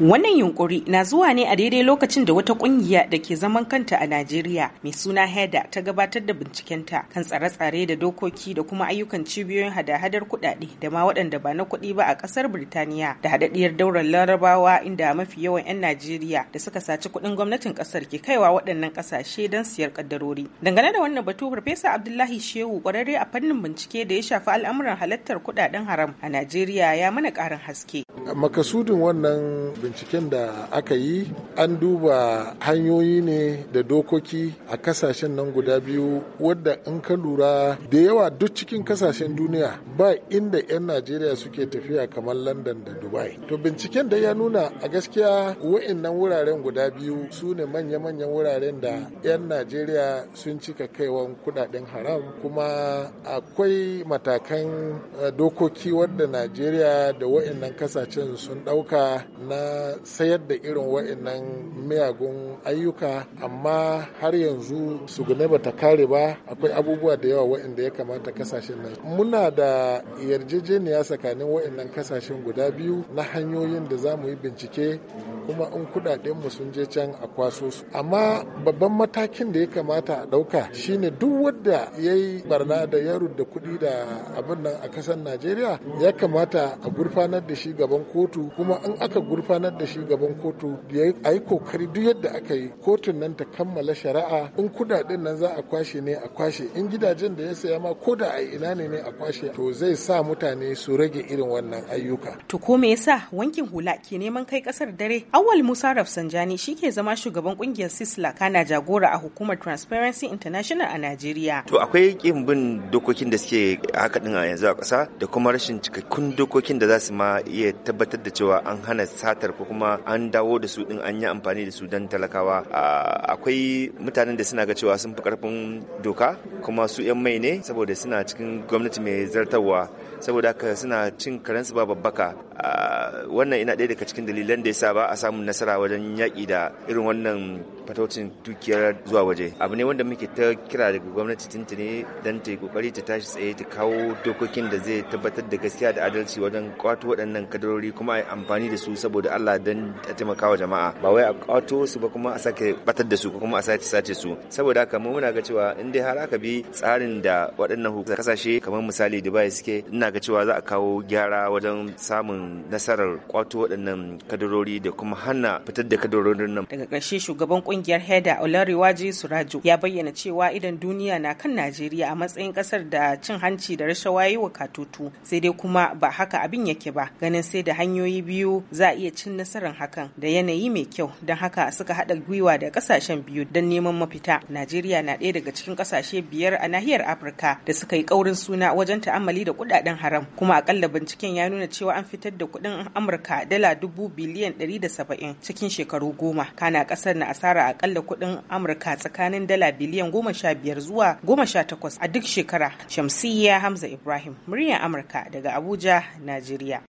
Wannan yunkuri na zuwa ne a daidai lokacin da wata kungiya da ke zaman kanta a Najeriya mai suna HEDA ta gabatar da bincikenta kan tsare-tsare da dokoki da kuma ayyukan cibiyoyin hada-hadar kudade da ma waɗanda ba na kuɗi ba a ƙasar Birtaniya da haɗaɗɗiyar daular Larabawa inda mafi yawan 'yan Najeriya da suka saci kuɗin gwamnatin ƙasar ke kaiwa waɗannan ƙasashe don siyar ƙaddarori. Dangane da wannan batu Farfesa Abdullahi Shehu ƙwararre a fannin bincike da ya shafi al'amuran halartar kuɗaɗen haram a Najeriya ya mana ƙarin haske. Makasudin wannan binciken da aka yi an duba hanyoyi ne da dokoki a kasashen nan guda biyu wadda in ka lura da yawa duk cikin kasashen duniya ba inda 'yan najeriya suke tafiya kamar london da dubai to binciken da ya nuna a gaskiya wa'annan wuraren guda biyu su ne manya-manyan wuraren da 'yan najeriya sun cika kaiwan kudaden haram kuma akwai matakan eh, dokoki wadda najeriya da wa'annan kasashen sun ɗauka na sayar da irin wa'annan miyagun ayyuka amma har yanzu ba bata kare ba akwai abubuwa da yawa wa'anda ya kamata kasashen nan muna da yarjejeniya tsakanin wa'annan kasashen guda biyu na hanyoyin da za mu yi bincike kuma in kudaden mu sun je can a kwaso su amma babban matakin da ya kamata a dauka shine duk wanda yayi barna da ya da kuɗi da abin nan a kasar najeriya ya kamata a gurfanar da shi gaban kotu kuma in aka gurfanar sanar da shi gaban kotu a yi kokari duk yadda aka yi kotun nan ta kammala shari'a in kudaden nan za a kwashe ne a kwashe in gidajen da ya saya ma ko da a ina ne ne a kwashe to zai sa mutane su rage irin wannan ayyuka. To ko me yasa wankin hula ke neman kai kasar dare? Awal Musa Rafsanjani ke zama shugaban kungiyar Sisla kana jagora a hukumar Transparency International a Najeriya. To akwai kin bin dokokin da suke haka din a yanzu a kasa da kuma rashin cikakkun dokokin da za su ma iya tabbatar da cewa an hana satar ko kuma an dawo da su din an yi amfani da su don talakawa akwai mutanen da suna ga cewa sun fi karfin doka kuma su 'yan mai ne saboda suna cikin gwamnati mai zartarwa saboda haka suna cin karansu ba babbaka wannan ina ɗaya daga cikin dalilan da ya sa ba a samun nasara wajen yaƙi da irin wannan fatocin dukiyar zuwa waje abu ne wanda muke ta kira daga gwamnati tuntuni don ta yi kokari ta tashi tsaye ta kawo dokokin da zai tabbatar da gaskiya da adalci wajen kwato waɗannan kadarori kuma a yi amfani da su saboda Allah don a taimaka jama'a ba wai a kwato su ba kuma a sake batar da su ko kuma a sace sace su saboda haka mu muna ga cewa in dai har aka bi tsarin da waɗannan hukumar kasashe kamar misali Dubai suke ina ga cewa za a kawo gyara wajen samun nasarar kwato waɗannan kadarori da kuma hana fitar da kadarorin nan daga ƙarshe shugaban kungiyar Heda Olariwaji Suraju ya bayyana cewa idan duniya na kan Najeriya a matsayin kasar da cin hanci da rashawa yi wa katutu sai dai kuma ba haka abin yake ba ganin sai da hanyoyi biyu za a iya cin nasarar hakan da yanayi mai kyau don haka suka haɗa gwiwa da ƙasashen biyu don neman mafita. Najeriya na ɗaya daga cikin ƙasashe biyar a nahiyar Afirka da suka yi ƙaurin suna wajen ta'amali da kuɗaɗen haram kuma akalla binciken ya nuna cewa an fitar da kuɗin Amurka dala dubu biliyan ɗari da saba'in cikin shekaru goma kana ƙasar na asara tara akalla kuɗin Amurka tsakanin dala biliyan goma sha biyar zuwa goma sha takwas a duk shekara. Shamsiyya Hamza Ibrahim, muryar Amurka daga Abuja, Najeriya.